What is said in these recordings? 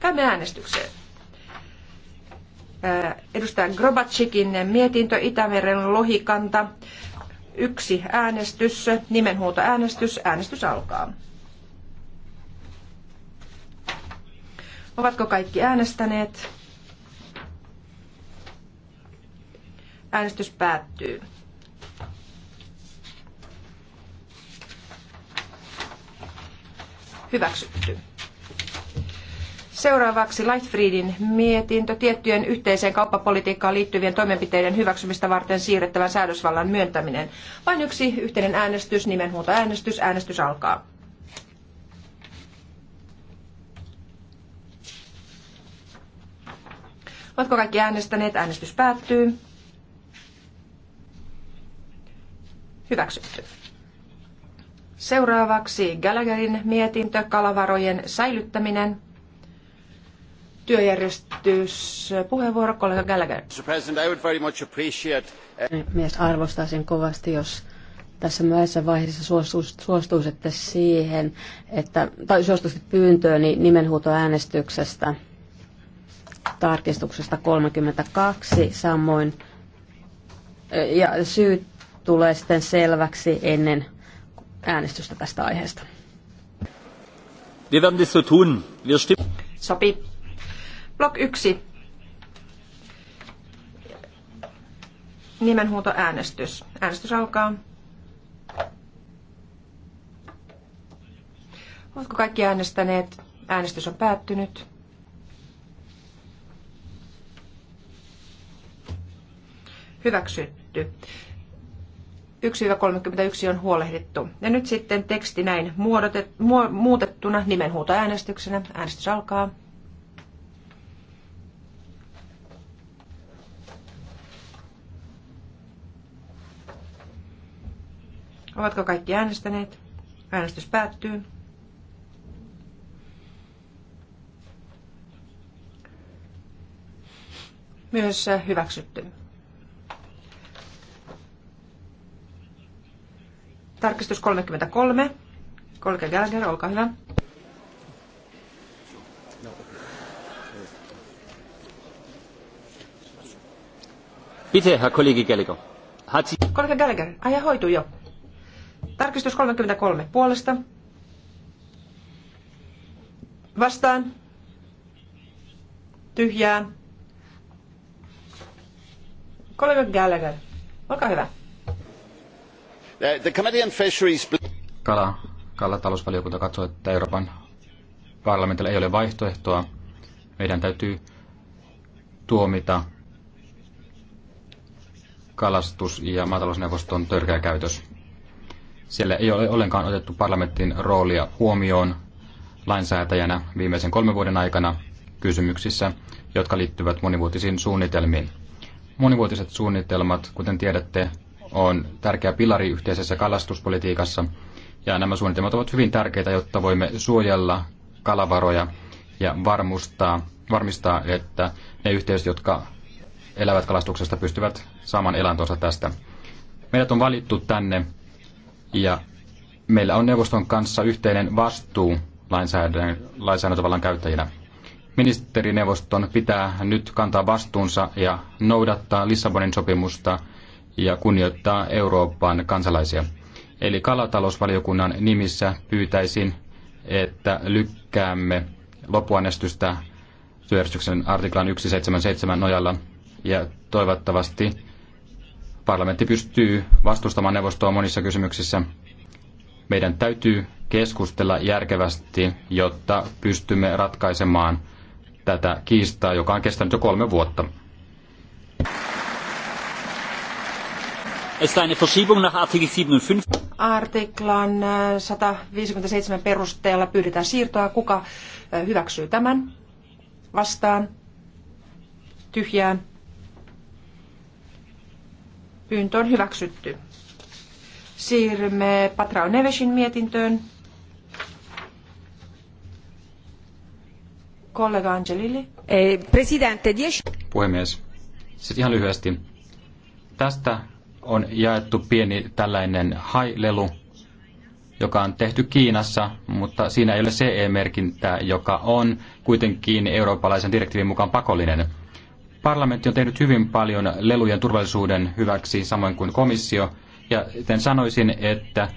Käymme äänestykseen. Edustaja Grobatsikin mietintö Itämeren lohikanta. Yksi äänestys, nimenhuuto äänestys. Äänestys alkaa. Ovatko kaikki äänestäneet? Äänestys päättyy. Hyväksytty. Seuraavaksi Lightfriedin mietintö tiettyjen yhteiseen kauppapolitiikkaan liittyvien toimenpiteiden hyväksymistä varten siirrettävän säädösvallan myöntäminen. Vain yksi yhteinen äänestys, äänestys. Äänestys alkaa. Oletko kaikki äänestäneet? Äänestys päättyy. Hyväksytty. Seuraavaksi Gallagherin mietintö kalavarojen säilyttäminen työjärjestyspuheenvuoro kollega Gallagher. President, I would very much eh, Mies arvostaa sen kovasti, jos tässä myöhäisessä vaiheessa suostuisitte siihen, että, tai suostuisitte pyyntöön niin nimenhuutoäänestyksestä tarkistuksesta 32, samoin eh, ja syyt tulee sitten selväksi ennen äänestystä tästä aiheesta. Wir werden das so tun. Wir Sopii. Blok 1. nimenhuuto Äänestys äänestys alkaa. Oletko kaikki äänestäneet? Äänestys on päättynyt. Hyväksytty. 1-31 on huolehdittu. Ja nyt sitten teksti näin muodotet, mu, muutettuna nimenhuutoäänestyksenä. Äänestys alkaa. Ovatko kaikki äänestäneet? Äänestys päättyy. Myös äh, hyväksytty. Tarkistus 33. Kolke Gallagher, olkaa hyvä. Bitte, Herr Kollege Gallagher. Hat Kollega Gallagher, aja hoituu jo. Tarkistus 33 puolesta. Vastaan. Tyhjään. Kollega Gallagher, olkaa hyvä. The Committee on Fisheries... Kala, kalatalousvaliokunta katsoo, että Euroopan parlamentilla ei ole vaihtoehtoa. Meidän täytyy tuomita kalastus- ja maatalousneuvoston törkeä käytös. Siellä ei ole ollenkaan otettu parlamentin roolia huomioon lainsäätäjänä viimeisen kolmen vuoden aikana kysymyksissä, jotka liittyvät monivuotisiin suunnitelmiin. Monivuotiset suunnitelmat, kuten tiedätte, on tärkeä pilari yhteisessä kalastuspolitiikassa, ja nämä suunnitelmat ovat hyvin tärkeitä, jotta voimme suojella kalavaroja ja varmustaa, varmistaa, että ne yhteisöt, jotka elävät kalastuksesta, pystyvät saamaan elantonsa tästä. Meidät on valittu tänne ja meillä on neuvoston kanssa yhteinen vastuu lainsäädännön, lainsäädäntövallan käyttäjinä. Ministerineuvoston pitää nyt kantaa vastuunsa ja noudattaa Lissabonin sopimusta ja kunnioittaa Euroopan kansalaisia. Eli kalatalousvaliokunnan nimissä pyytäisin, että lykkäämme loppuäänestystä työjärjestyksen artiklan 177 nojalla ja toivottavasti Parlamentti pystyy vastustamaan neuvostoa monissa kysymyksissä. Meidän täytyy keskustella järkevästi, jotta pystymme ratkaisemaan tätä kiistaa, joka on kestänyt jo kolme vuotta. Artiklan 157 äh, perusteella pyydetään siirtoa. Kuka äh, hyväksyy tämän? Vastaan. Tyhjään. Pyyntö on hyväksytty. Siirrymme Patrao Nevesin mietintöön. Kollega Angelilli. Eh, presidente, dieci... Puhemies, sitten siis ihan lyhyesti. Tästä on jaettu pieni tällainen hailelu, joka on tehty Kiinassa, mutta siinä ei ole CE-merkintää, joka on kuitenkin eurooppalaisen direktiivin mukaan pakollinen. Parlamentti on tehnyt hyvin paljon lelujen turvallisuuden hyväksi, samoin kuin komissio. Ja joten sanoisin, että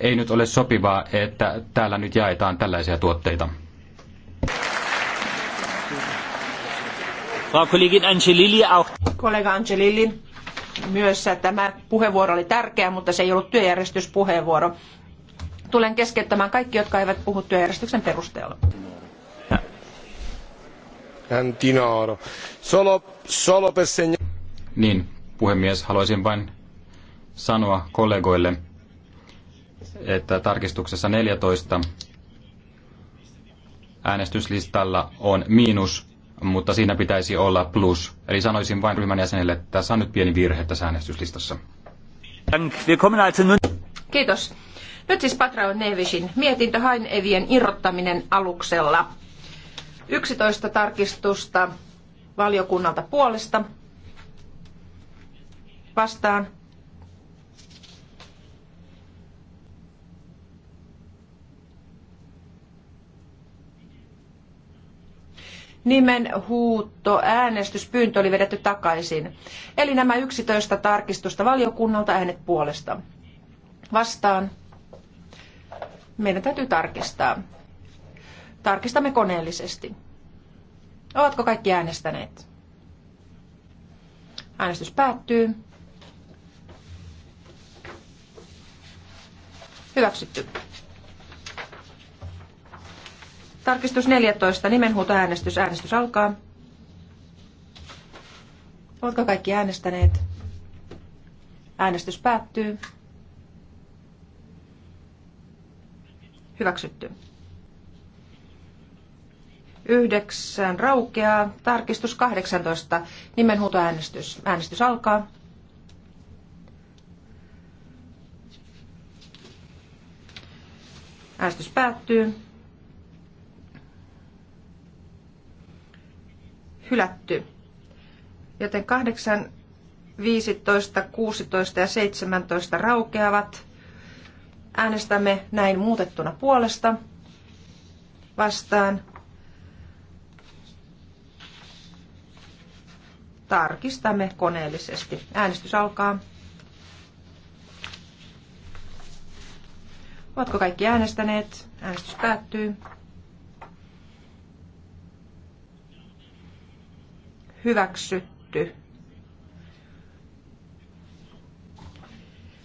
ei nyt ole sopivaa, että täällä nyt jaetaan tällaisia tuotteita. Kollega Angelilli, myös tämä puheenvuoro oli tärkeä, mutta se ei ollut työjärjestyspuheenvuoro. Tulen keskeyttämään kaikki, jotka eivät puhu työjärjestyksen perusteella niin, puhemies, haluaisin vain sanoa kollegoille, että tarkistuksessa 14 äänestyslistalla on miinus, mutta siinä pitäisi olla plus. Eli sanoisin vain ryhmän jäsenille, että tässä on nyt pieni virhe tässä äänestyslistassa. Kiitos. Nyt siis Patraon Nevisin mietintö Hain Evien irrottaminen aluksella. 11 tarkistusta valiokunnalta puolesta vastaan. Nimen huutto, äänestyspyyntö oli vedetty takaisin. Eli nämä 11 tarkistusta valiokunnalta äänet puolesta. Vastaan. Meidän täytyy tarkistaa. Tarkistamme koneellisesti. Ovatko kaikki äänestäneet? Äänestys päättyy. Hyväksytty. Tarkistus 14. Nimenhuutoäänestys. Äänestys alkaa. Oletko kaikki äänestäneet? Äänestys päättyy. Hyväksytty. Yhdeksän raukeaa. Tarkistus 18. Nimenhuutoäänestys. Äänestys alkaa. Äänestys päättyy. Hylätty. Joten 8, 15, 16 ja 17 raukeavat. Äänestämme näin muutettuna puolesta. Vastaan Tarkistamme koneellisesti. Äänestys alkaa. Ovatko kaikki äänestäneet? Äänestys päättyy. Hyväksytty.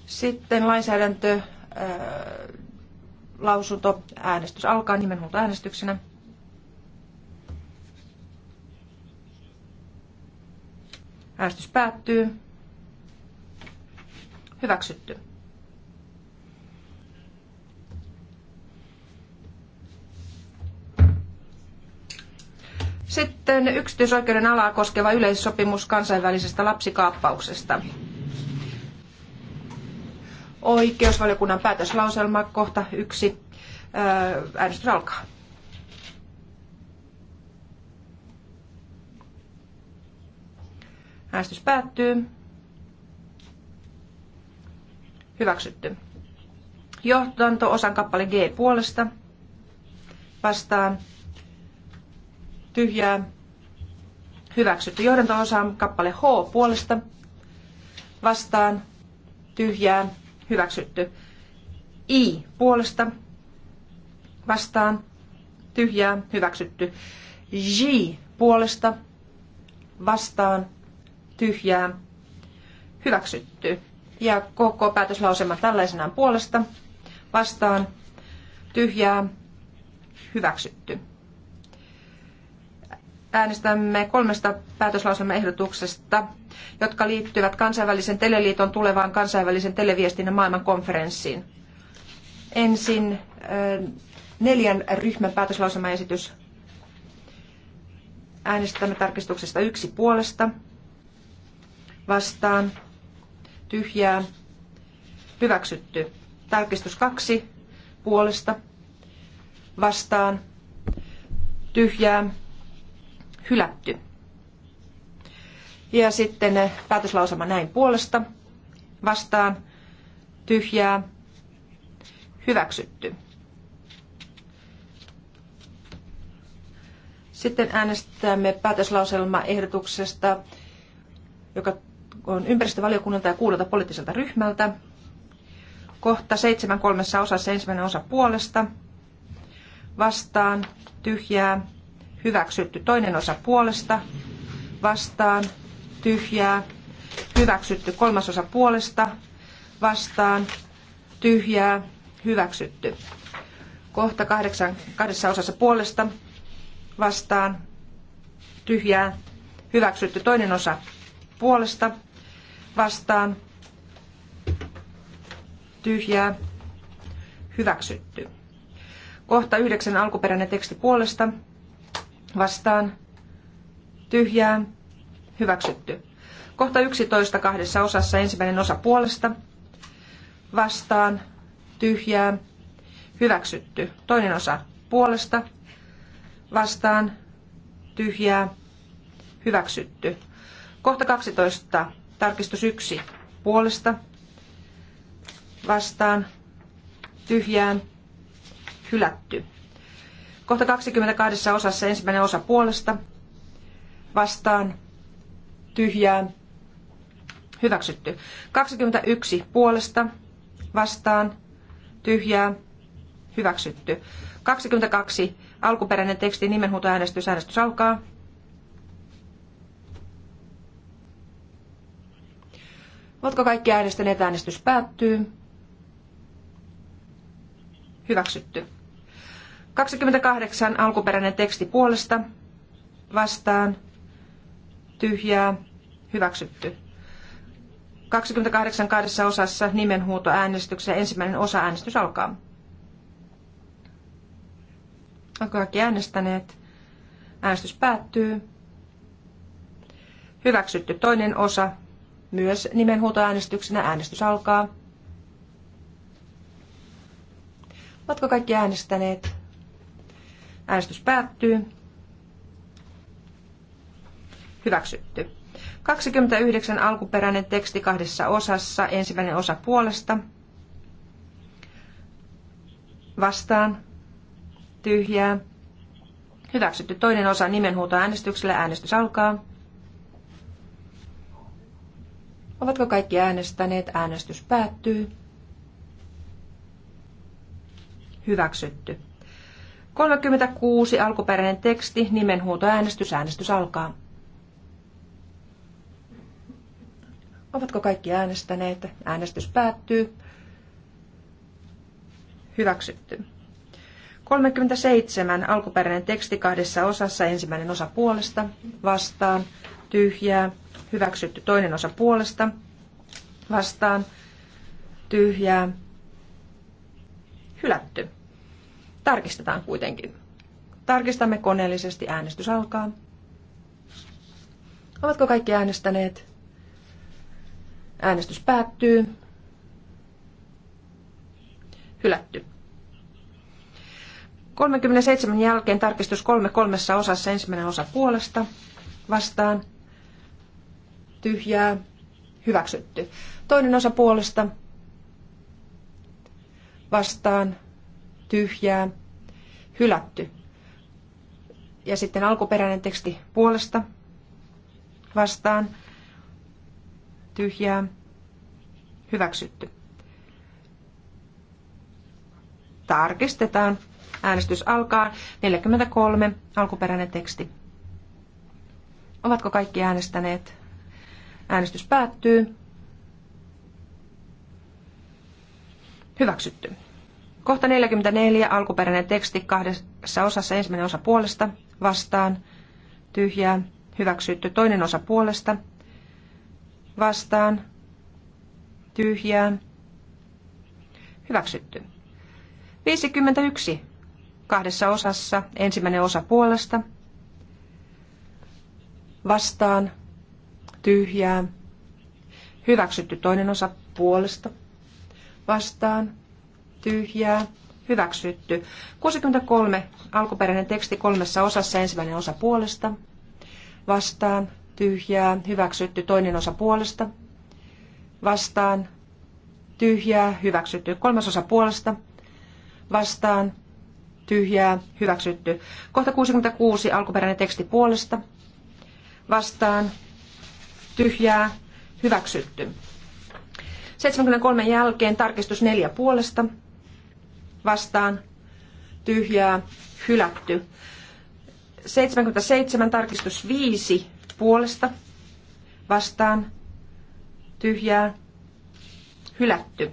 Sitten lainsäädäntö, äh, lausunto, äänestys alkaa nimenhuoltoäänestyksenä. äänestyksenä. Äänestys päättyy. Hyväksytty. Sitten yksityisoikeuden alaa koskeva yleissopimus kansainvälisestä lapsikaappauksesta. Oikeusvaliokunnan päätöslauselma kohta yksi. Äänestys alkaa. Äänestys päättyy. Hyväksytty. Johtanto osan kappale G puolesta. Vastaan. Tyhjää. Hyväksytty. Johdanto osan kappale H puolesta. Vastaan. Tyhjää. Hyväksytty. I puolesta. Vastaan. Tyhjää. Hyväksytty. J puolesta. Vastaan tyhjää hyväksytty. Ja koko päätöslausema tällaisenaan puolesta vastaan tyhjää hyväksytty. Äänestämme kolmesta päätöslauselmaehdotuksesta, jotka liittyvät kansainvälisen teleliiton tulevaan kansainvälisen televiestinnän maailmankonferenssiin. Ensin neljän ryhmän päätöslauselmaesitys. Äänestämme tarkistuksesta yksi puolesta vastaan, tyhjää, hyväksytty. Tarkistus kaksi puolesta, vastaan, tyhjää, hylätty. Ja sitten eh, päätöslausama näin puolesta, vastaan, tyhjää, hyväksytty. Sitten äänestämme ehdotuksesta, joka on ympäristövaliokunnalta ja kuudelta poliittiselta ryhmältä. Kohta seitsemän kolmessa osassa ensimmäinen osa puolesta. Vastaan. Tyhjää. Hyväksytty. Toinen osa puolesta. Vastaan. Tyhjää. Hyväksytty. Kolmas osa puolesta. Vastaan. Tyhjää. Hyväksytty. Kohta kahdeksan, kahdessa osassa puolesta. Vastaan. Tyhjää. Hyväksytty. Toinen osa puolesta vastaan tyhjää hyväksytty. Kohta yhdeksän alkuperäinen teksti puolesta vastaan tyhjää hyväksytty. Kohta 11 kahdessa osassa ensimmäinen osa puolesta vastaan tyhjää hyväksytty. Toinen osa puolesta vastaan tyhjää hyväksytty. Kohta 12 Tarkistus yksi puolesta vastaan tyhjään hylätty. Kohta 22 osassa ensimmäinen osa puolesta vastaan tyhjään hyväksytty. 21 puolesta vastaan tyhjää hyväksytty. 22 alkuperäinen teksti nimenhuutoäänestys äänestys alkaa. Oletko kaikki äänestäneet? Äänestys päättyy. Hyväksytty. 28 alkuperäinen teksti puolesta. Vastaan. Tyhjää. Hyväksytty. 28 kahdessa osassa nimenhuuto äänestyksessä. Ensimmäinen osa äänestys alkaa. Oletko kaikki äänestäneet? Äänestys päättyy. Hyväksytty toinen osa. Myös nimenhuutoäänestyksenä äänestys alkaa. Oletko kaikki äänestäneet? Äänestys päättyy. Hyväksytty. 29 alkuperäinen teksti kahdessa osassa. Ensimmäinen osa puolesta. Vastaan. Tyhjää. Hyväksytty toinen osa nimenhuutoäänestyksellä. Äänestys alkaa. Ovatko kaikki äänestäneet? Äänestys päättyy. Hyväksytty. 36 alkuperäinen teksti, nimenhuutoäänestys, äänestys alkaa. Ovatko kaikki äänestäneet? Äänestys päättyy. Hyväksytty. 37. Alkuperäinen teksti kahdessa osassa. Ensimmäinen osa puolesta. Vastaan. Tyhjää hyväksytty toinen osa puolesta vastaan tyhjää hylätty. Tarkistetaan kuitenkin. Tarkistamme koneellisesti. Äänestys alkaa. Ovatko kaikki äänestäneet? Äänestys päättyy. Hylätty. 37 jälkeen tarkistus kolme kolmessa osassa ensimmäinen osa puolesta vastaan tyhjää, hyväksytty. Toinen osa puolesta vastaan, tyhjää, hylätty. Ja sitten alkuperäinen teksti puolesta vastaan, tyhjää, hyväksytty. Tarkistetaan. Äänestys alkaa. 43. Alkuperäinen teksti. Ovatko kaikki äänestäneet? Äänestys päättyy. Hyväksytty. Kohta 44, alkuperäinen teksti kahdessa osassa, ensimmäinen osa puolesta, vastaan, tyhjää, hyväksytty, toinen osa puolesta, vastaan, tyhjää, hyväksytty. 51, kahdessa osassa, ensimmäinen osa puolesta, vastaan, tyhjää, hyväksytty toinen osa puolesta, vastaan, tyhjää, hyväksytty. 63, alkuperäinen teksti kolmessa osassa, ensimmäinen osa puolesta, vastaan, tyhjää, hyväksytty toinen osa puolesta, vastaan, tyhjää, hyväksytty kolmas osa puolesta, vastaan, tyhjää, hyväksytty. Kohta 66, alkuperäinen teksti puolesta, vastaan, tyhjää, hyväksytty. 73 jälkeen tarkistus neljä puolesta, vastaan, tyhjää, hylätty. 77 tarkistus 5 puolesta, vastaan, tyhjää, hylätty.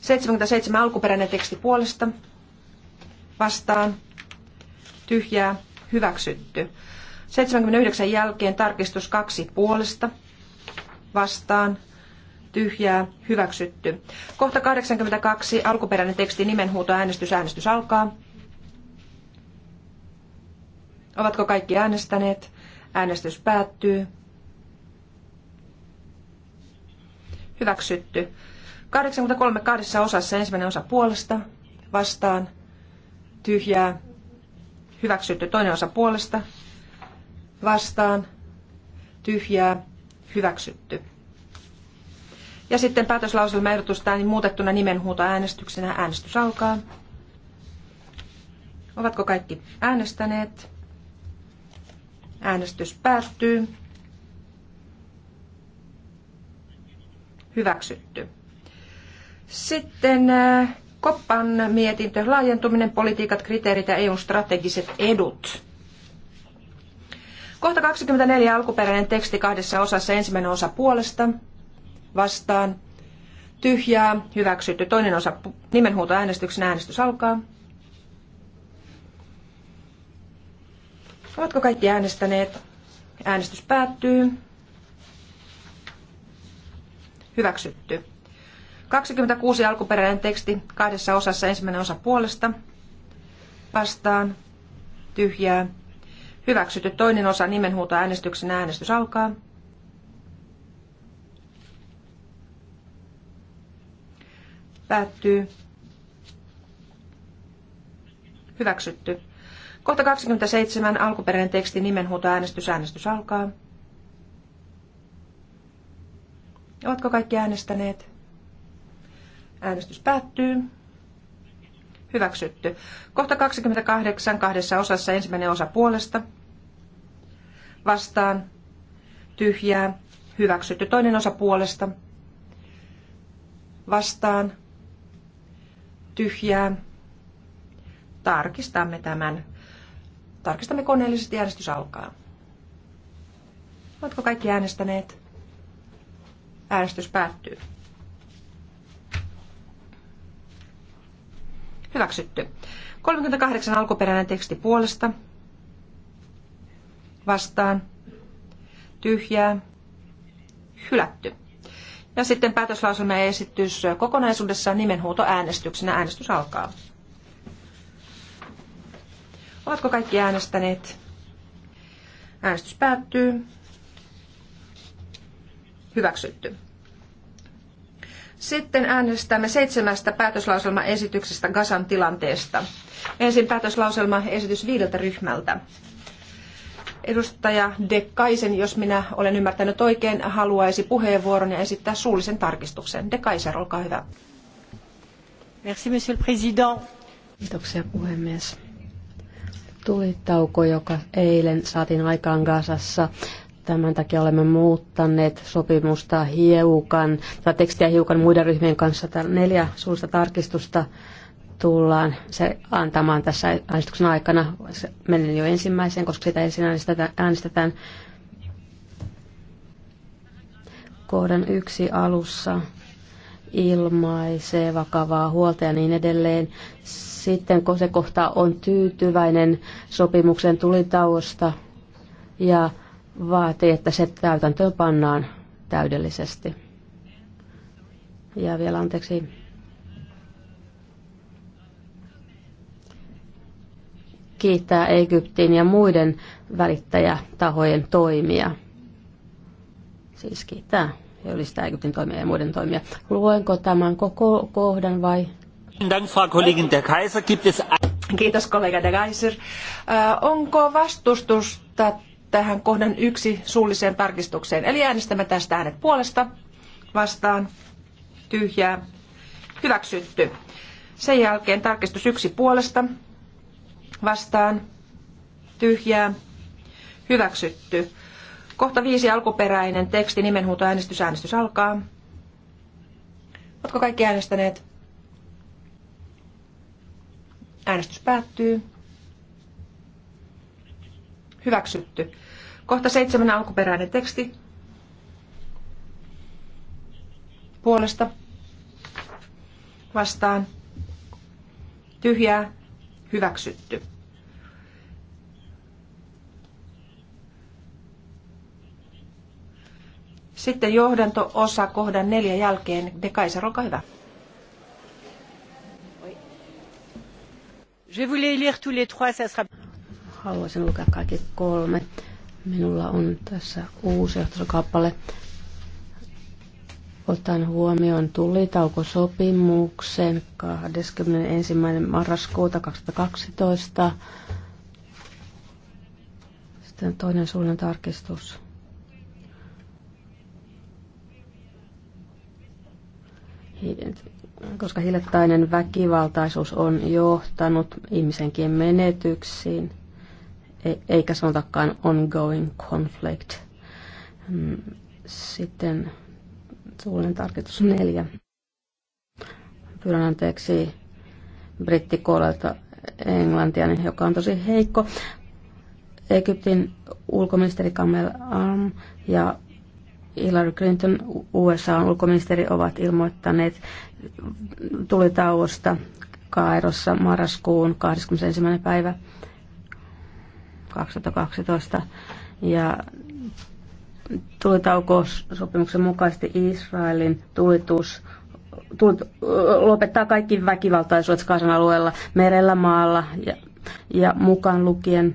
77 alkuperäinen teksti puolesta, vastaan, tyhjää, hyväksytty. 79 jälkeen tarkistus kaksi puolesta vastaan tyhjää hyväksytty. Kohta 82 alkuperäinen teksti nimenhuuto äänestys äänestys alkaa. Ovatko kaikki äänestäneet? Äänestys päättyy. Hyväksytty. 83 kahdessa osassa ensimmäinen osa puolesta vastaan tyhjää hyväksytty toinen osa puolesta vastaan, tyhjää, hyväksytty. Ja sitten päätöslauselma niin muutettuna äänestyksenä. äänestys alkaa. Ovatko kaikki äänestäneet? Äänestys päättyy. Hyväksytty. Sitten äh, Koppan mietintö, laajentuminen, politiikat, kriteerit ja EUn strategiset edut. Kohta 24 alkuperäinen teksti kahdessa osassa. Ensimmäinen osa puolesta vastaan. Tyhjää, hyväksytty. Toinen osa nimenhuuto äänestyksen äänestys alkaa. Ovatko kaikki äänestäneet? Äänestys päättyy. Hyväksytty. 26 alkuperäinen teksti kahdessa osassa ensimmäinen osa puolesta. Vastaan. Tyhjää. Hyväksytty toinen osa nimenhuuto äänestyksen äänestys alkaa. Päättyy. Hyväksytty. Kohta 27 alkuperäinen teksti nimenhuuto äänestys äänestys alkaa. Oletko kaikki äänestäneet? Äänestys päättyy. Hyväksytty. Kohta 28 kahdessa osassa ensimmäinen osa puolesta vastaan, tyhjää, hyväksytty. Toinen osa puolesta, vastaan, tyhjää. Tarkistamme tämän. Tarkistamme koneellisesti äänestys alkaa. Oletko kaikki äänestäneet? Äänestys päättyy. Hyväksytty. 38 alkuperäinen teksti puolesta, vastaan tyhjää hylätty. Ja sitten päätöslauselman esitys kokonaisuudessaan nimenhuuto äänestyksenä. Äänestys alkaa. Ovatko kaikki äänestäneet? Äänestys päättyy. Hyväksytty. Sitten äänestämme seitsemästä päätöslauselmaesityksestä Gasan tilanteesta. Ensin päätöslauselmaesitys viideltä ryhmältä. Edustaja De Kaisen, jos minä olen ymmärtänyt oikein, haluaisi puheenvuoron ja esittää suullisen tarkistuksen. De Kaiser, olkaa hyvä. Merci, monsieur le président. Kiitoksia puhemies. Tulitauko, joka eilen saatiin aikaan Gazassa, tämän takia olemme muuttaneet sopimusta hiukan, tai tekstiä hiukan muiden ryhmien kanssa, neljä suurta tarkistusta tullaan se antamaan tässä äänestyksen aikana. Menen jo ensimmäiseen, koska sitä ensin äänestetään. äänestetään kohdan yksi alussa ilmaisee vakavaa huolta ja niin edelleen. Sitten kun se kohta on tyytyväinen sopimuksen tulitauosta ja vaatii, että se täytäntöön pannaan täydellisesti. Ja vielä anteeksi kiittää Egyptin ja muiden välittäjätahojen toimia. Siis kiittää ja ylistää Egyptin toimia ja muiden toimia. Luenko tämän koko kohdan vai? Kiitos kollega de Kaiser. Äh, onko vastustusta tähän kohdan yksi suulliseen tarkistukseen? Eli äänestämme tästä äänet puolesta, vastaan, tyhjää, hyväksytty. Sen jälkeen tarkistus yksi puolesta, vastaan, tyhjää, hyväksytty. Kohta viisi alkuperäinen teksti, äänestys, äänestys alkaa. Oletko kaikki äänestäneet? Äänestys päättyy. Hyväksytty. Kohta seitsemän alkuperäinen teksti. Puolesta. Vastaan. Tyhjää. Hyväksytty. Sitten johdanto-osa kohdan neljä jälkeen. De Kaiser, olkaa hyvä. Je voulais lire tous les trois, ça sera... Haluaisin lukea kaikki kolme. Minulla on tässä uusi johtokappale. Otan huomioon tulitaukosopimuksen 21. marraskuuta 2012. Sitten toinen suunnan tarkistus. koska hiljattainen väkivaltaisuus on johtanut ihmisenkin menetyksiin, e- eikä sanotakaan ongoing conflict. Mm, sitten suullinen tarkoitus neljä. Pyydän anteeksi brittikoolelta englantia, joka on tosi heikko. Egyptin ulkoministeri Kamel Arm ja Hillary Clinton, USA ulkoministeri, ovat ilmoittaneet tulitauosta Kairossa marraskuun 21. päivä 2012. Ja tulitaukosopimuksen mukaisesti Israelin tulitus tulit, lopettaa kaikki väkivaltaisuudet Kaasan alueella, merellä, maalla ja, ja mukaan lukien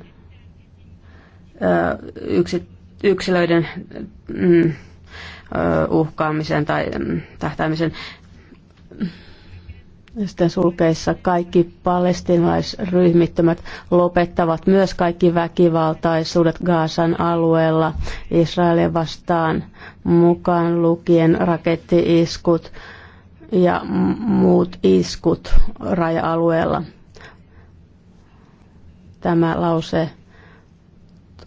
ö, yksi, yksilöiden mm, uhkaamisen tai mm, tähtäämisen. Sitten sulkeissa kaikki palestinaisryhmittymät lopettavat myös kaikki väkivaltaisuudet Gaasan alueella Israelin vastaan mukaan lukien rakettiiskut ja muut iskut raja-alueella. Tämä lause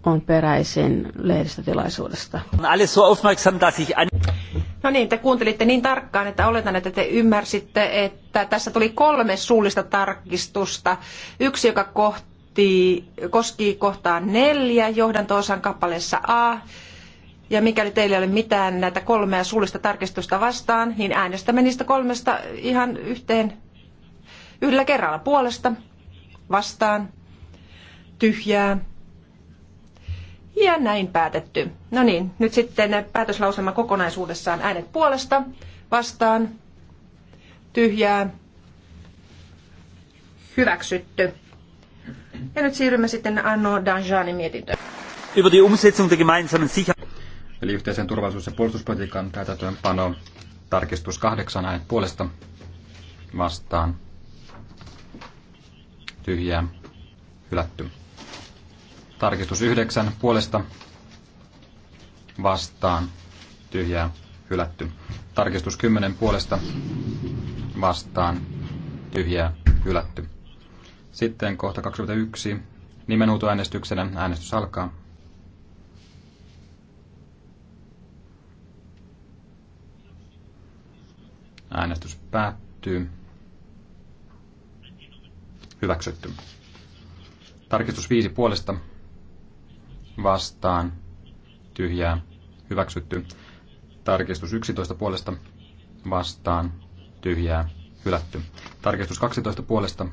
on peräisin lehdistötilaisuudesta. No niin, te kuuntelitte niin tarkkaan, että oletan, että te ymmärsitte, että tässä tuli kolme suullista tarkistusta. Yksi, joka kohti, koski kohtaa neljä johdanto kappaleessa A. Ja mikäli teillä ei ole mitään näitä kolmea suullista tarkistusta vastaan, niin äänestämme niistä kolmesta ihan yhteen yhdellä kerralla puolesta vastaan tyhjää ja näin päätetty. No niin, nyt sitten päätöslauselma kokonaisuudessaan äänet puolesta, vastaan, tyhjää, hyväksytty. Ja nyt siirrymme sitten Anno Danjanin mietintöön. Über die Umsetzung der gemeinsamen Eli yhteisen turvallisuus- ja puolustuspolitiikan täytäntöönpano tarkistus kahdeksan äänet puolesta vastaan. Tyhjää, hylätty. Tarkistus 9 puolesta vastaan tyhjää hylätty. Tarkistus 10 puolesta vastaan tyhjää hylätty. Sitten kohta 21 nimenhuutoäänestyksenä äänestys alkaa. Äänestys päättyy. Hyväksytty. Tarkistus 5 puolesta vastaan tyhjää hyväksytty. Tarkistus 11 puolesta vastaan tyhjää hylätty. Tarkistus 12 puolesta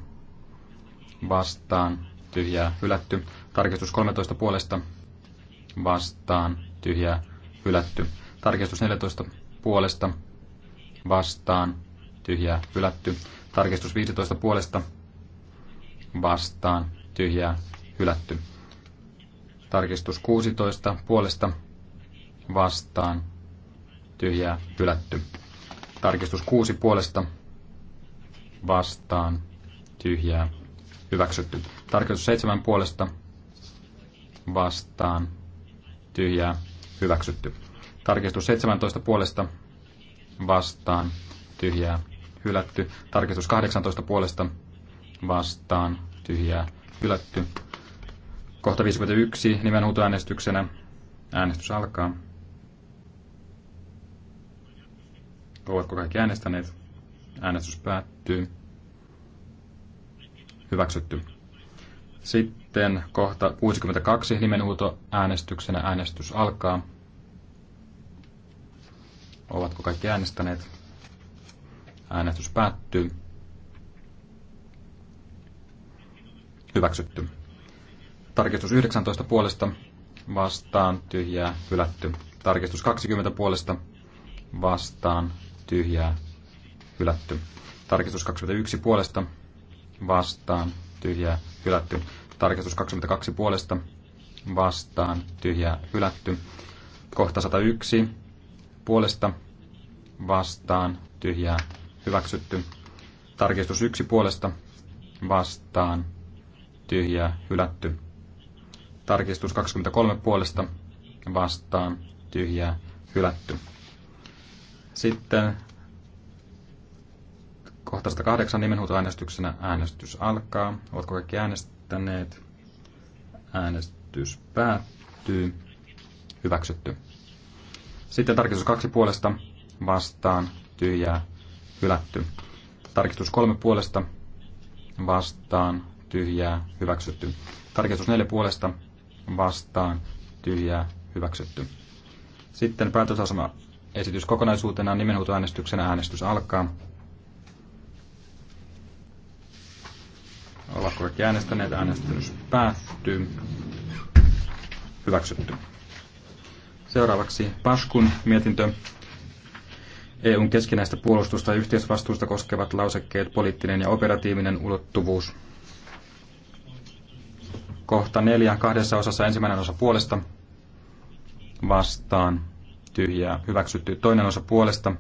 vastaan tyhjää hylätty. Tarkistus 13 puolesta vastaan tyhjää hylätty. Tarkistus 14 puolesta vastaan tyhjää hylätty. Tarkistus 15 puolesta vastaan tyhjää hylätty. Tarkistus 16 puolesta vastaan tyhjää hylätty. Tarkistus 6 puolesta vastaan tyhjää hyväksytty. Tarkistus 7 puolesta vastaan tyhjää hyväksytty. Tarkistus 17 puolesta vastaan tyhjää hylätty. Tarkistus 18 puolesta vastaan tyhjää hylätty. Kohta 51 nimenhuutoäänestyksenä. Äänestys alkaa. Ovatko kaikki äänestäneet? Äänestys päättyy. Hyväksytty. Sitten kohta 62 nimenhuuto äänestyksenä äänestys alkaa. Ovatko kaikki äänestäneet? Äänestys päättyy. Hyväksytty. Tarkistus 19 puolesta vastaan tyhjää hylätty. Tarkistus 20 puolesta vastaan tyhjää hylätty. Tarkistus 21 puolesta vastaan tyhjää hylätty. Tarkistus 22 puolesta vastaan tyhjää hylätty. Kohta 101 puolesta vastaan tyhjää hyväksytty. Tarkistus 1 puolesta vastaan tyhjää hylätty. Tarkistus 23 puolesta vastaan tyhjää hylätty. Sitten kohtaista kahdeksan nimenhuutoäänestyksenä äänestys alkaa. Ovatko kaikki äänestäneet? Äänestys päättyy. Hyväksytty. Sitten tarkistus kaksi puolesta vastaan tyhjää hylätty. Tarkistus kolme puolesta vastaan tyhjää hyväksytty. Tarkistus neljä puolesta vastaan tyhjää hyväksytty. Sitten päätösasema esitys kokonaisuutena nimenhuutoäänestyksenä äänestys alkaa. Ollaanko kaikki äänestäneet? Äänestys päättyy. Hyväksytty. Seuraavaksi Paskun mietintö. EUn keskinäistä puolustusta ja yhteisvastuusta koskevat lausekkeet, poliittinen ja operatiivinen ulottuvuus. Kohta neljä kahdessa osassa ensimmäinen osa puolesta vastaan tyhjää hyväksytty. Toinen osa puolesta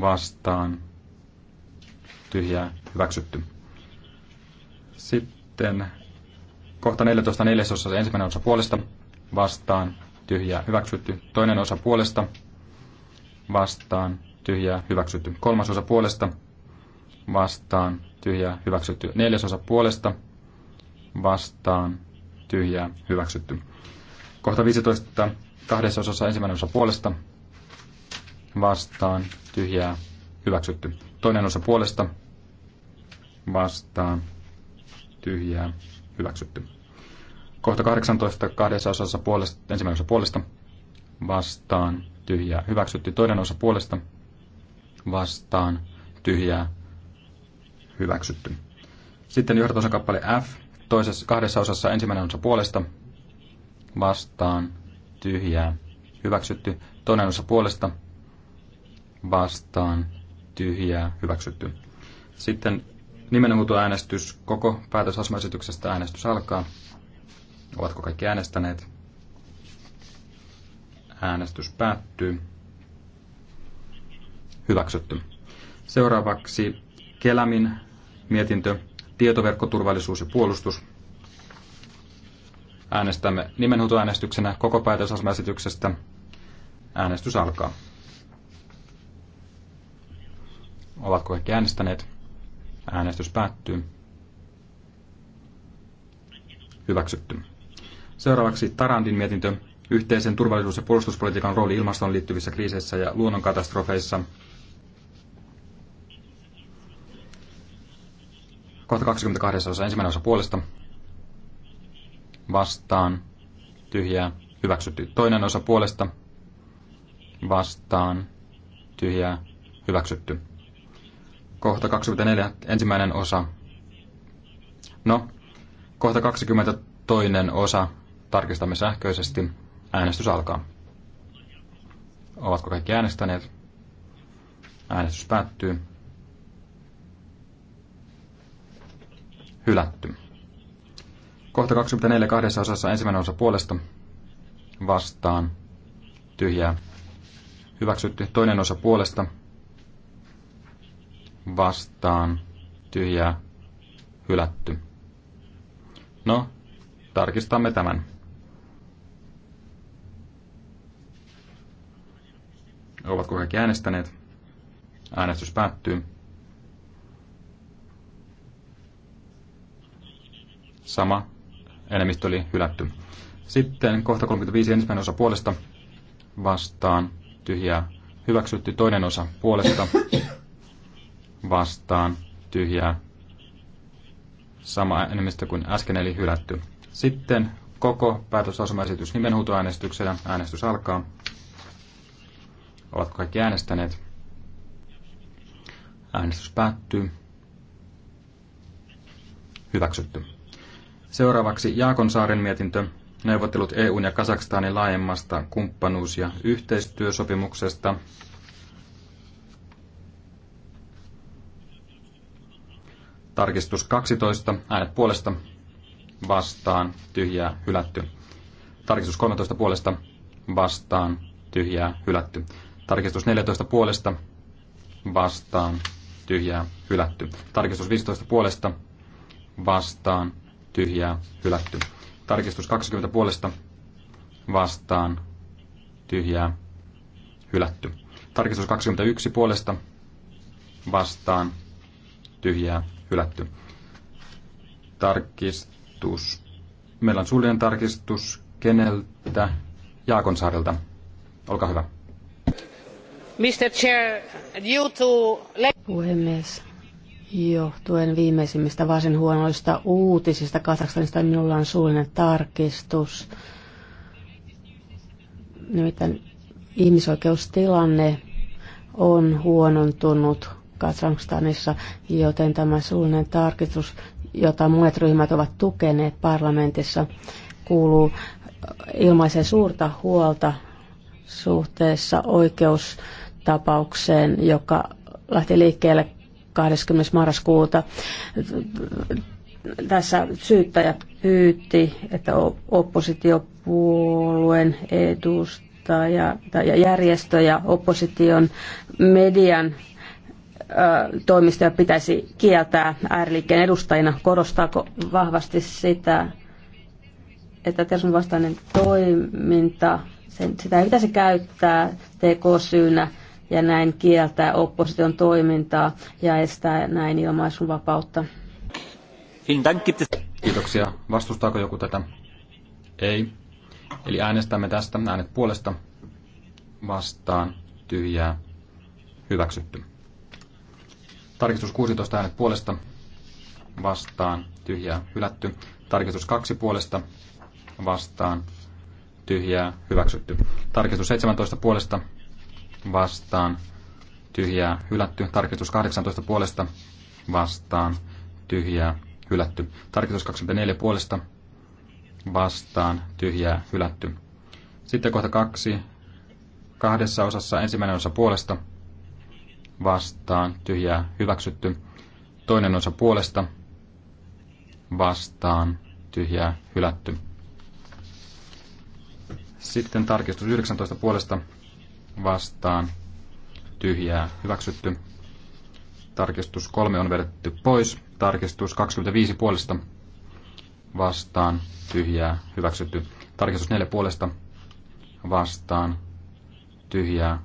vastaan tyhjää hyväksytty. Sitten kohta 14 neljäsosa ensimmäinen osa puolesta vastaan tyhjää hyväksytty. Toinen osa puolesta vastaan tyhjää hyväksytty. Kolmas osa puolesta vastaan tyhjää hyväksytty. Neljäs osa puolesta vastaan, vastaan tyhjää hyväksytty. Kohta 15. Kahdessa osassa ensimmäinen osa puolesta vastaan tyhjää hyväksytty. Toinen osa puolesta vastaan tyhjää hyväksytty. Kohta 18. Kahdessa osassa puolesta, ensimmäinen osa puolesta vastaan tyhjää hyväksytty. Toinen osa puolesta vastaan tyhjää hyväksytty. Sitten johdatosakappale F toisessa, kahdessa osassa ensimmäinen osa puolesta vastaan tyhjää hyväksytty. Toinen osa puolesta vastaan tyhjää hyväksytty. Sitten äänestys koko päätösasmaesityksestä äänestys alkaa. Ovatko kaikki äänestäneet? Äänestys päättyy. Hyväksytty. Seuraavaksi Kelamin mietintö tietoverkkoturvallisuus ja puolustus. Äänestämme nimenhuutoäänestyksenä koko päätösasmaesityksestä. Äänestys alkaa. Ovatko kaikki äänestäneet? Äänestys päättyy. Hyväksytty. Seuraavaksi Tarandin mietintö. Yhteisen turvallisuus- ja puolustuspolitiikan rooli ilmastoon liittyvissä kriiseissä ja luonnonkatastrofeissa – Kohta 22 osa ensimmäinen osa puolesta. Vastaan. Tyhjää. Hyväksytty. Toinen osa puolesta. Vastaan. Tyhjää. Hyväksytty. Kohta 24. Ensimmäinen osa. No. Kohta 20. Toinen osa. Tarkistamme sähköisesti. Äänestys alkaa. Ovatko kaikki äänestäneet? Äänestys päättyy. hylätty. Kohta 24 kahdessa osassa ensimmäinen osa puolesta vastaan tyhjää hyväksytty. Toinen osa puolesta vastaan tyhjää hylätty. No, tarkistamme tämän. Ovatko kaikki äänestäneet? Äänestys päättyy. sama enemmistö oli hylätty. Sitten kohta 35 ensimmäinen osa puolesta vastaan tyhjää hyväksytty, toinen osa puolesta vastaan tyhjää sama enemmistö kuin äsken eli hylätty. Sitten koko päätöslausumaesitys nimenhuutoäänestyksellä. Äänestys alkaa. Ovatko kaikki äänestäneet? Äänestys päättyy. Hyväksytty. Seuraavaksi Jaakonsaaren mietintö, neuvottelut EUn ja Kazakstanin laajemmasta kumppanuus- ja yhteistyösopimuksesta. Tarkistus 12, äänet puolesta, vastaan, tyhjää, hylätty. Tarkistus 13 puolesta, vastaan, tyhjää, hylätty. Tarkistus 14 puolesta, vastaan, tyhjää, hylätty. Tarkistus 15 puolesta, vastaan, tyhjää, hylätty. Tarkistus 20 puolesta vastaan, tyhjää, hylätty. Tarkistus 21 puolesta vastaan, tyhjää, hylätty. Tarkistus. Meillä on suullinen tarkistus keneltä? saarelta. Olkaa hyvä. Mr. Chair, due to... Puhemies, Johtuen viimeisimmistä varsin huonoista uutisista Kazakstanista minulla on suullinen tarkistus. Nimittäin ihmisoikeustilanne on huonontunut Kazakstanissa, joten tämä suullinen tarkistus, jota monet ryhmät ovat tukeneet parlamentissa, kuuluu ilmaisen suurta huolta suhteessa oikeustapaukseen, joka lähti liikkeelle 20. marraskuuta. Tässä syyttäjä pyytti, että oppositiopuolueen edustaja ja järjestö ja opposition median toimistoja pitäisi kieltää ääriliikkeen edustajina. Korostaako vahvasti sitä, että terrorismin vastainen toiminta, sen, sitä ei pitäisi käyttää tekosyynä syynä ja näin kieltää opposition toimintaa ja estää näin ilmaisun vapautta. Kiitoksia. Vastustaako joku tätä? Ei. Eli äänestämme tästä äänet puolesta vastaan tyhjää hyväksytty. Tarkistus 16 äänet puolesta vastaan tyhjää hylätty. Tarkistus 2 puolesta vastaan tyhjää hyväksytty. Tarkistus 17 puolesta vastaan tyhjää hylätty. Tarkistus 18 puolesta vastaan tyhjää hylätty. Tarkistus 24 puolesta vastaan tyhjää hylätty. Sitten kohta kaksi kahdessa osassa ensimmäinen osa puolesta vastaan tyhjää hyväksytty. Toinen osa puolesta vastaan tyhjää hylätty. Sitten tarkistus 19 puolesta vastaan tyhjää hyväksytty. Tarkistus 3 on vedetty pois. Tarkistus 25 puolesta vastaan tyhjää hyväksytty. Tarkistus 4 puolesta vastaan tyhjää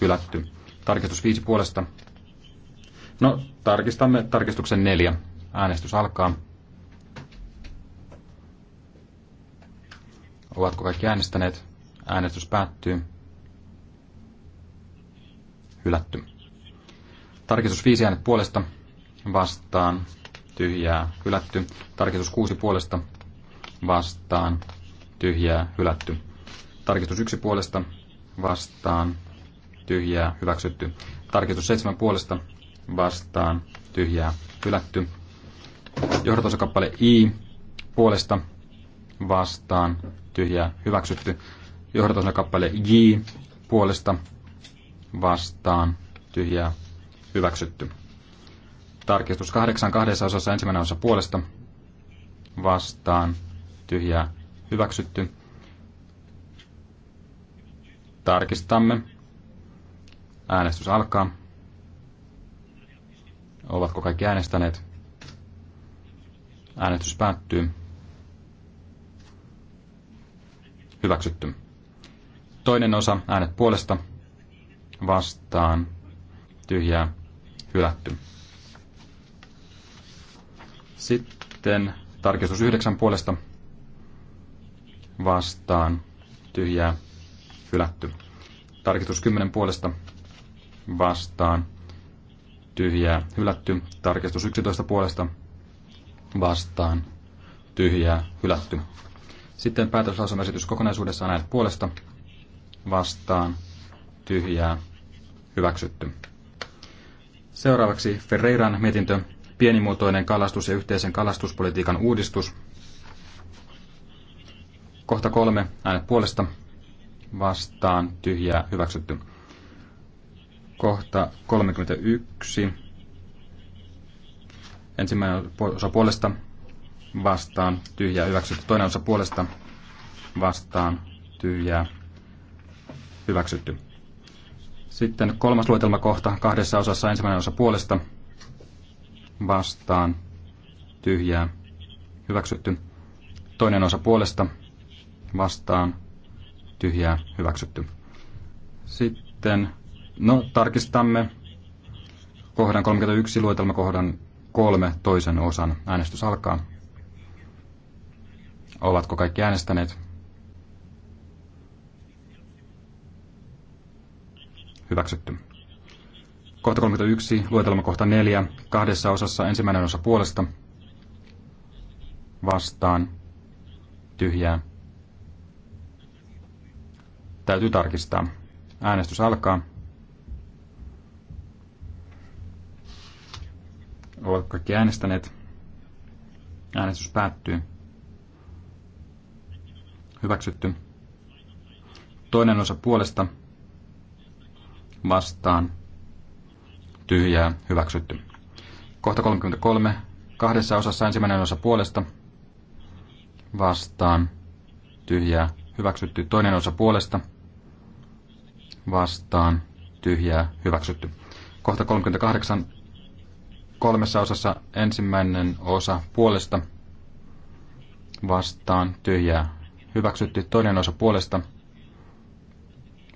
hylätty. Tarkistus 5 puolesta. No, tarkistamme tarkistuksen 4. Äänestys alkaa. Ovatko kaikki äänestäneet? Äänestys päättyy hylätty. Tarkistus 5 äänet puolesta vastaan tyhjää hylätty. Tarkistus 6 puolesta vastaan tyhjää hylätty. Tarkistus 1 puolesta vastaan tyhjää hyväksytty. Tarkistus 7 puolesta vastaan tyhjää hylätty. Johdatusosakappale I puolesta vastaan tyhjää hyväksytty. Johdatusosakappale J puolesta vastaan tyhjää hyväksytty. Tarkistus kahdeksan kahdessa osassa ensimmäinen osa puolesta vastaan tyhjää hyväksytty. Tarkistamme. Äänestys alkaa. Ovatko kaikki äänestäneet? Äänestys päättyy. Hyväksytty. Toinen osa, äänet puolesta, vastaan tyhjää hylätty. Sitten tarkistus yhdeksän puolesta vastaan tyhjää hylätty. Tarkistus kymmenen puolesta vastaan tyhjää hylätty. Tarkistus yksitoista puolesta vastaan tyhjää hylätty. Sitten päätöslausumaesitys kokonaisuudessaan näet puolesta vastaan tyhjää Hyväksytty. Seuraavaksi Ferreiran mietintö Pienimuotoinen kalastus ja yhteisen kalastuspolitiikan uudistus. Kohta kolme äänet puolesta vastaan tyhjää hyväksytty. Kohta 31. Ensimmäinen osa puolesta vastaan tyhjää hyväksytty. Toinen osa puolesta vastaan tyhjää hyväksytty. Sitten kolmas luetelmakohta kahdessa osassa ensimmäinen osa puolesta vastaan tyhjää hyväksytty. Toinen osa puolesta vastaan tyhjää hyväksytty. Sitten, no tarkistamme kohdan 31 luetelmakohdan kolme toisen osan. Äänestys alkaa. Ovatko kaikki äänestäneet? hyväksytty. Kohta 31, luetelma kohta 4, kahdessa osassa ensimmäinen osa puolesta, vastaan, tyhjää. Täytyy tarkistaa. Äänestys alkaa. Ovatko kaikki äänestäneet? Äänestys päättyy. Hyväksytty. Toinen osa puolesta vastaan tyhjää hyväksytty. Kohta 33. Kahdessa osassa ensimmäinen osa puolesta vastaan tyhjää hyväksytty. Toinen osa puolesta vastaan tyhjää hyväksytty. Kohta 38. Kolmessa osassa ensimmäinen osa puolesta vastaan tyhjää hyväksytty. Toinen osa puolesta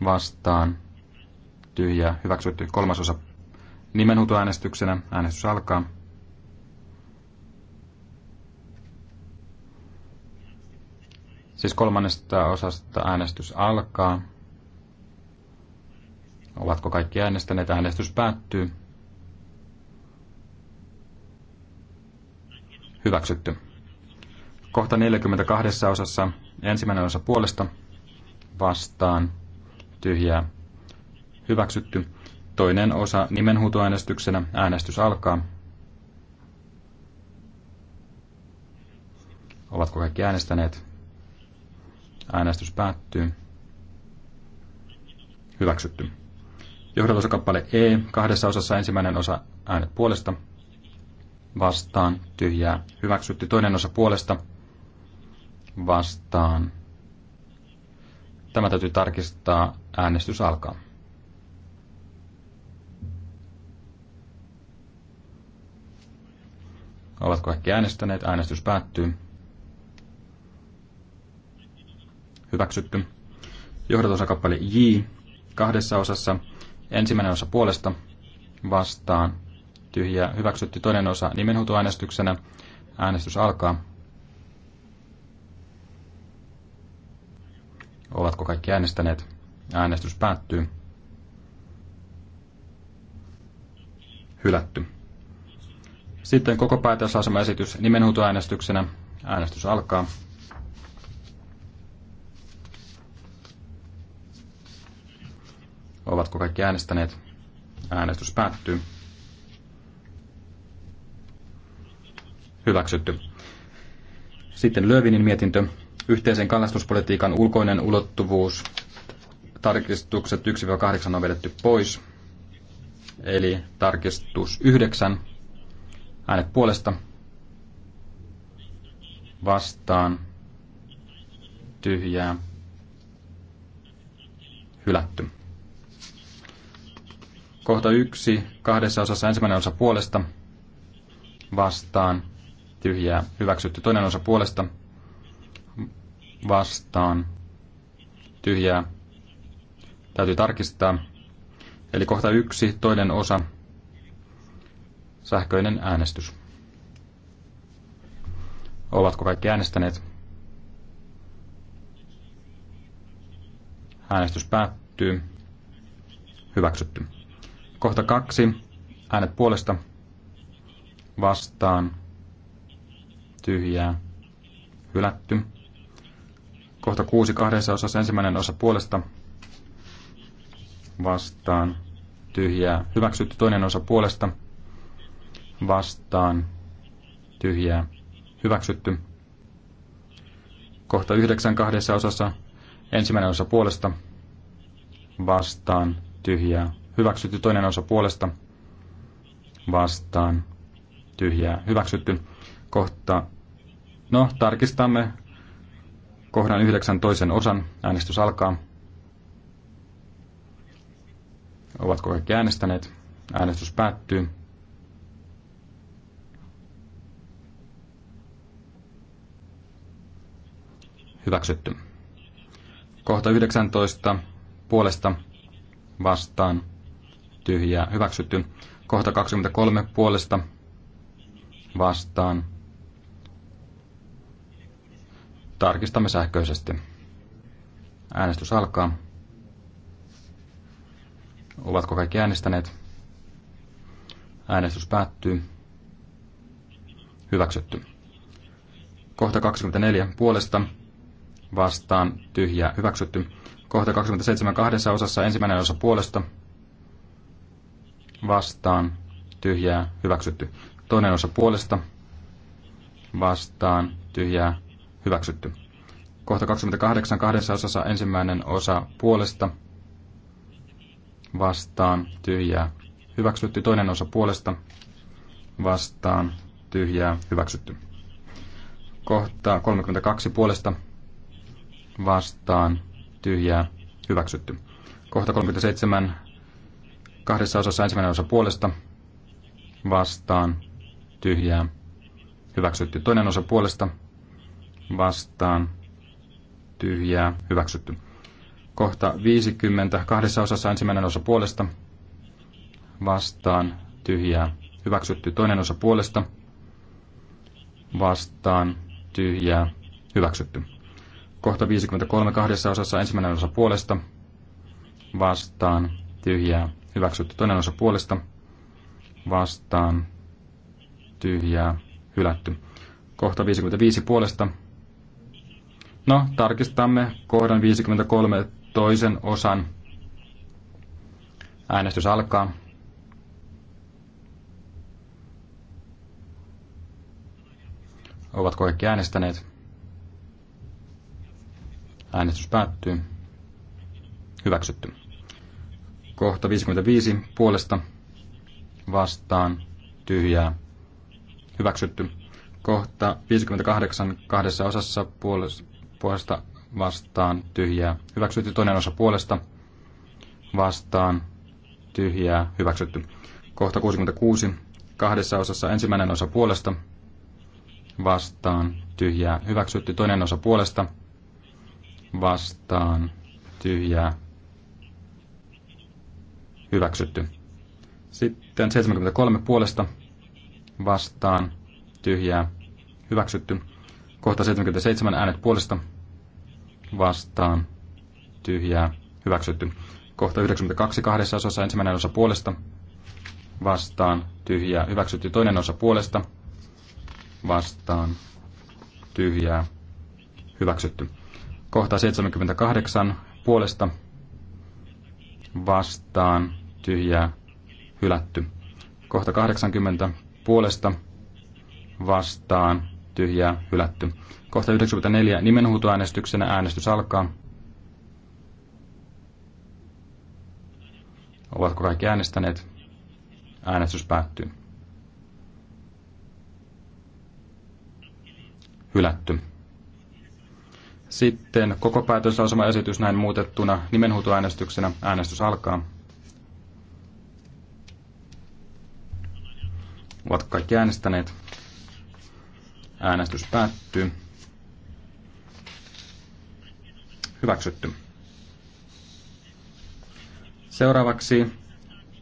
vastaan tyhjää, hyväksytty. Kolmasosa nimenhuutoäänestyksenä. Äänestys alkaa. Siis kolmannesta osasta äänestys alkaa. Ovatko kaikki äänestäneet? Äänestys päättyy. Hyväksytty. Kohta 42 osassa ensimmäinen osa puolesta vastaan tyhjää Hyväksytty. Toinen osa nimenhuutoäänestyksenä. Äänestys alkaa. Ovatko kaikki äänestäneet? Äänestys päättyy. Hyväksytty. Johdatusosakappale E, kahdessa osassa ensimmäinen osa äänet puolesta, vastaan, tyhjää, hyväksytty. Toinen osa puolesta, vastaan. Tämä täytyy tarkistaa, äänestys alkaa. Ovatko kaikki äänestäneet? Äänestys päättyy. Hyväksytty. Johdatusakappale J kahdessa osassa. Ensimmäinen osa puolesta vastaan. Tyhjä hyväksytty toinen osa nimenhuutoäänestyksenä. Äänestys alkaa. Ovatko kaikki äänestäneet? Äänestys päättyy. Hylätty. Sitten koko esitys nimenhuutoäänestyksenä. Äänestys alkaa. Ovatko kaikki äänestäneet? Äänestys päättyy. Hyväksytty. Sitten Lövinin mietintö. Yhteisen kalastuspolitiikan ulkoinen ulottuvuus. Tarkistukset 1-8 on vedetty pois. Eli tarkistus 9 Äänet puolesta vastaan tyhjää hylätty. Kohta yksi, kahdessa osassa ensimmäinen osa puolesta, vastaan, tyhjää, hyväksytty. Toinen osa puolesta, vastaan, tyhjää, täytyy tarkistaa. Eli kohta yksi, toinen osa, Sähköinen äänestys. Ovatko kaikki äänestäneet? Äänestys päättyy. Hyväksytty. Kohta kaksi. Äänet puolesta. Vastaan. Tyhjää. Hylätty. Kohta kuusi kahdessa osassa ensimmäinen osa puolesta. Vastaan. Tyhjää. Hyväksytty toinen osa puolesta vastaan tyhjää hyväksytty. Kohta yhdeksän kahdessa osassa ensimmäinen osa puolesta vastaan tyhjää hyväksytty. Toinen osa puolesta vastaan tyhjää hyväksytty. Kohta, no tarkistamme kohdan yhdeksän toisen osan. Äänestys alkaa. Ovatko kaikki äänestäneet? Äänestys päättyy. Hyväksytty. Kohta 19. Puolesta vastaan. Tyhjää. Hyväksytty. Kohta 23. Puolesta vastaan. Tarkistamme sähköisesti. Äänestys alkaa. Ovatko kaikki äänestäneet? Äänestys päättyy. Hyväksytty. Kohta 24 puolesta vastaan tyhjää hyväksytty. Kohta 27 kahdessa osassa ensimmäinen osa puolesta vastaan tyhjää hyväksytty. Toinen osa puolesta vastaan tyhjää hyväksytty. Kohta 28 kahdessa osassa ensimmäinen osa puolesta vastaan tyhjää hyväksytty. Toinen osa puolesta vastaan tyhjää hyväksytty. Kohta 32 puolesta vastaan tyhjää hyväksytty. Kohta 37 kahdessa osassa ensimmäinen osa puolesta vastaan tyhjää hyväksytty. Toinen osa puolesta vastaan tyhjää hyväksytty. Kohta 50 kahdessa osassa ensimmäinen osa puolesta vastaan tyhjää hyväksytty. Toinen osa puolesta vastaan tyhjää hyväksytty. Kohta 53 kahdessa osassa ensimmäinen osa puolesta vastaan tyhjää hyväksytty. Toinen osa puolesta vastaan tyhjää hylätty. Kohta 55 puolesta. No, tarkistamme kohdan 53 toisen osan. Äänestys alkaa. Ovatko kaikki äänestäneet? Äänestys päättyy. Hyväksytty. Kohta 55 puolesta vastaan tyhjää. Hyväksytty. Kohta 58 kahdessa osassa puolesta vastaan tyhjää. Hyväksytty toinen osa puolesta vastaan tyhjää. Hyväksytty. Kohta 66 kahdessa osassa ensimmäinen osa puolesta vastaan tyhjää. Hyväksytty toinen osa puolesta vastaan tyhjää hyväksytty. Sitten 73 puolesta vastaan tyhjää hyväksytty. Kohta 77 äänet puolesta vastaan tyhjää hyväksytty. Kohta 92 kahdessa osassa ensimmäinen osa puolesta vastaan tyhjää hyväksytty. Toinen osa puolesta vastaan tyhjää hyväksytty. Kohta 78 puolesta vastaan tyhjää hylätty. Kohta 80 puolesta vastaan tyhjää hylätty. Kohta 94 nimenhuutoäänestyksenä äänestys alkaa. Ovatko kaikki äänestäneet? Äänestys päättyy. Hylätty. Sitten koko esitys näin muutettuna nimenhuutoäänestyksenä. Äänestys alkaa. Ovat kaikki äänestäneet. Äänestys päättyy. Hyväksytty. Seuraavaksi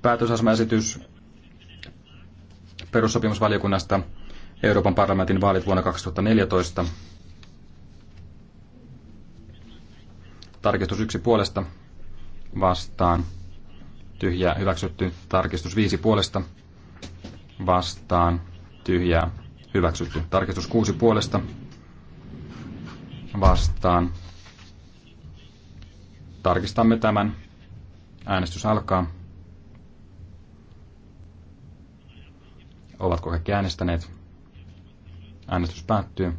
päätösasemaesitys perussopimusvaliokunnasta Euroopan parlamentin vaalit vuonna 2014. Tarkistus yksi puolesta vastaan. tyhjä hyväksytty. Tarkistus viisi puolesta vastaan. tyhjä hyväksytty. Tarkistus kuusi puolesta vastaan. Tarkistamme tämän. Äänestys alkaa. Ovatko kaikki äänestäneet? Äänestys päättyy.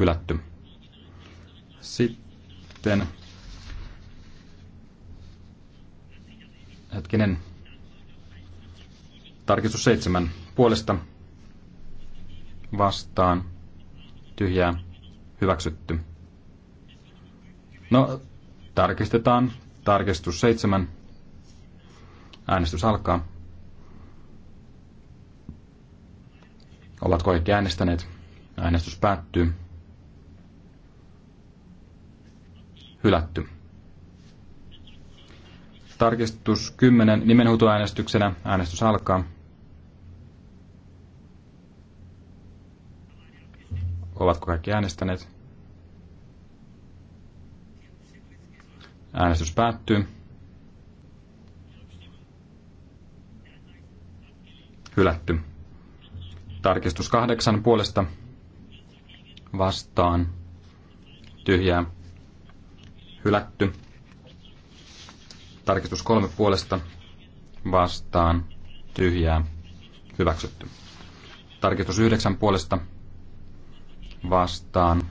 hylätty. Sitten hetkinen tarkistus seitsemän puolesta vastaan tyhjää hyväksytty. No, tarkistetaan. Tarkistus seitsemän. Äänestys alkaa. Ovatko kaikki äänestäneet? Äänestys päättyy. hylätty. Tarkistus 10 nimenhuutoäänestyksenä. Äänestys alkaa. Ovatko kaikki äänestäneet? Äänestys päättyy. Hylätty. Tarkistus kahdeksan puolesta vastaan. Tyhjää hylätty. Tarkistus kolme puolesta vastaan tyhjää hyväksytty. Tarkistus yhdeksän puolesta vastaan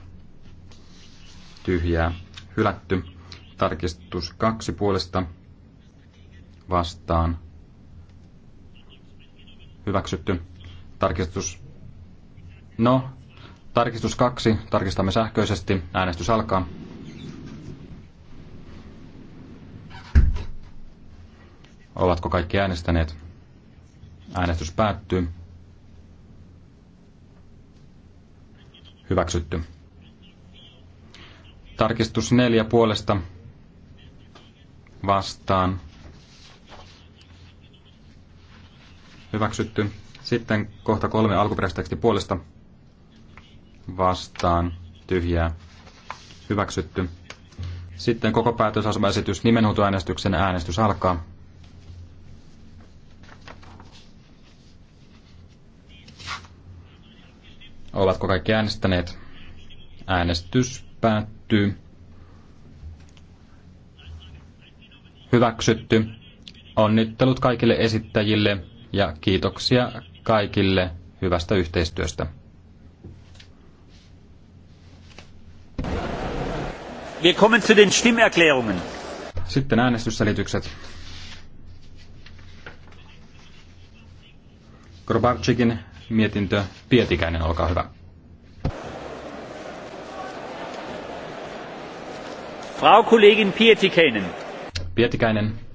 tyhjää hylätty. Tarkistus kaksi puolesta vastaan hyväksytty. Tarkistus no, tarkistus kaksi, tarkistamme sähköisesti. Äänestys alkaa. Ovatko kaikki äänestäneet? Äänestys päättyy. Hyväksytty. Tarkistus neljä puolesta vastaan. Hyväksytty. Sitten kohta kolme alkuperäisteksti puolesta vastaan. Tyhjää. Hyväksytty. Sitten koko päätösasemaesitys nimenhuutoäänestyksen äänestys alkaa. Ovatko kaikki äänestäneet? Äänestys päättyy. Hyväksytty. Onnittelut kaikille esittäjille ja kiitoksia kaikille hyvästä yhteistyöstä. Wir kommen zu den Stimmerklärungen. Sitten äänestysselitykset. Grobarczykin mietintö. Pietikäinen, olkaa hyvä. Frau Kollegin Pietikäinen. Pietikäinen.